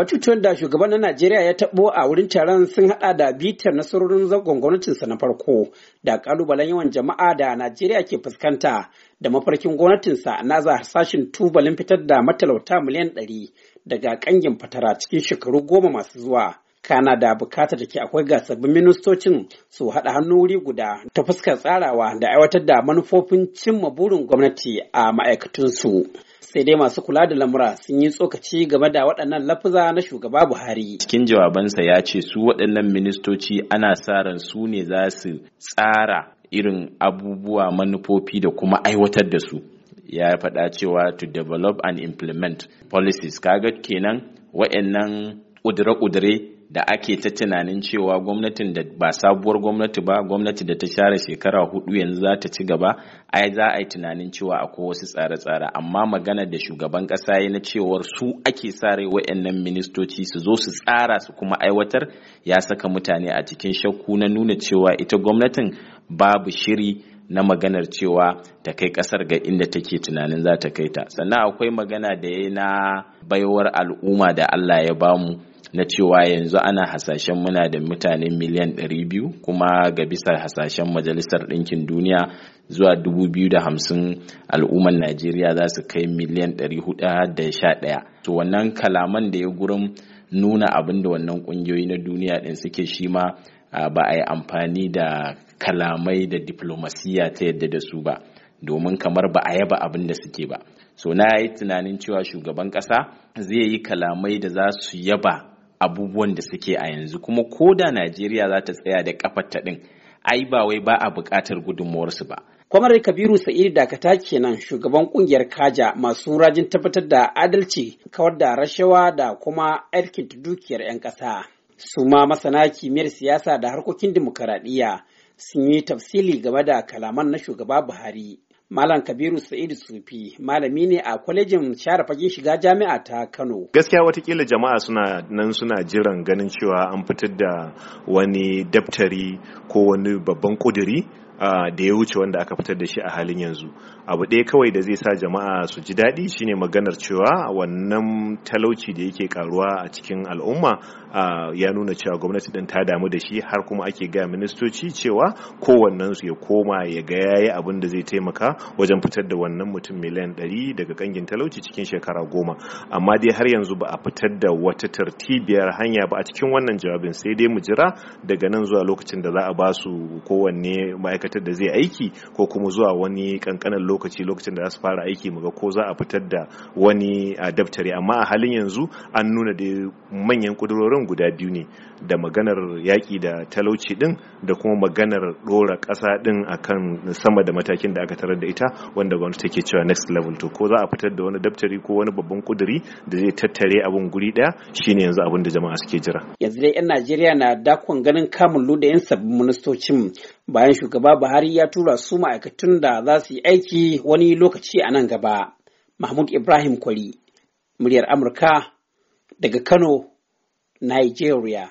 Batutuwan da shugaban na Najeriya ya taɓo a wurin taron sun haɗa da bitar nasarorin zagon gwamnatinsa na farko da ƙalubalen yawan jama'a da Najeriya ke fuskanta da mafarkin gwamnatinsa na za harsashin tubalin fitar da matalauta miliyan ɗari daga ƙangin fatara cikin shekaru goma masu zuwa. kana da bukatar da ke akwai ga sabbin ministocin su haɗa hannu wuri guda ta fuskar tsarawa da aiwatar da manufofin cimma burin gwamnati a ma'aikatunsu. sai dai masu kula da lamura sun yi tsokaci game da waɗannan lafuza na shugaba Buhari. Cikin jawabansa ya ce su waɗannan ministoci ana sa ran su ne za su tsara irin abubuwa manufofi da kuma aiwatar da su. Ya faɗa cewa to develop and implement policies kaga kenan waɗannan ƙudure-ƙudure da ake ta tunanin cewa gwamnatin da ba sabuwar gwamnati ba gwamnati da ta share shekara hudu yanzu za ta ci gaba ai za a yi tunanin cewa akwai wasu tsare-tsare amma magana da shugaban kasa ya na cewar su ake sare nan ministoci su zo su tsara su kuma aiwatar ya saka mutane a cikin shakku na nuna cewa ita gwamnatin babu shiri na maganar cewa ta kai kasar ga inda take tunanin za ta kai ta sannan akwai magana da ya na baiwar al'umma da Allah ya bamu na cewa yanzu ana hasashen muna da mutane miliyan 200 kuma ga bisa hasashen majalisar ɗinkin duniya zuwa 2050 al'ummar najeriya za su kai miliyan 411 to wannan kalaman da ya gurin nuna abin da wannan ƙungiyoyi na duniya din suke shi ma ba a yi amfani da kalamai da diplomasiya ta yadda da su ba domin kamar ba a yaba abin da suke ba so na yi tunanin cewa shugaban ƙasa zai yi kalamai da za su yaba abubuwan da suke a yanzu kuma ko da najeriya za ta tsaya da kafarta ɗin ai ba wai ba a buƙatar gudunmuwarsu ba Kwamar Kabiru Sa'idu Dakata kenan shugaban kungiyar Kaja masu rajin tabbatar da adalci, kawar da rashawa da kuma aikin dukiyar 'yan ƙasa. su ma masana kimiyyar siyasa da harkokin dimokuraɗiyya sun yi tafsili game da kalaman na shugaba buhari Malam Kabiru Sa'idu Sufi malami ne a kwalejin share fagen shiga jami'a ta Kano. Gaskiya watakila jama'a suna nan suna jiran ganin cewa an fitar da wani daftari ko wani babban kuduri da ya wuce wanda aka fitar da shi a halin yanzu abu ɗaya kawai da zai sa jama'a su ji daɗi shine maganar cewa wannan talauci da yake karuwa a cikin al'umma ya nuna cewa gwamnati ɗin ta damu da shi har kuma ake gaya ministoci cewa kowannen su ya koma ya ga yayi abin da zai taimaka wajen fitar da wannan mutum miliyan ɗari daga kangin talauci cikin shekara goma amma dai har yanzu ba a fitar da wata tartibiyar hanya ba a cikin wannan jawabin sai dai mu jira daga nan zuwa lokacin da za a ba su kowanne ma'aikata dakatar da zai aiki ko kuma zuwa wani kankanan lokaci lokacin da za su fara aiki muga ko za a fitar da wani daftari amma a halin yanzu an nuna da manyan kudurorin guda biyu ne da maganar yaƙi da talauci din da kuma maganar dora ƙasa din akan sama da matakin da aka tarar da ita wanda gwamnati take cewa next level to ko za a fitar da wani daftari ko wani babban kuduri da zai tattare abun guri daya shine yanzu abin da jama'a suke jira yanzu dai yan Najeriya na dakon ganin kamun luda yan sabbin ministocin bayan shugaba Buhari ya tura su ma'aikatun da za su yi aiki wani lokaci a nan gaba Mahmud Ibrahim Kwari muryar Amurka daga Kano Nigeria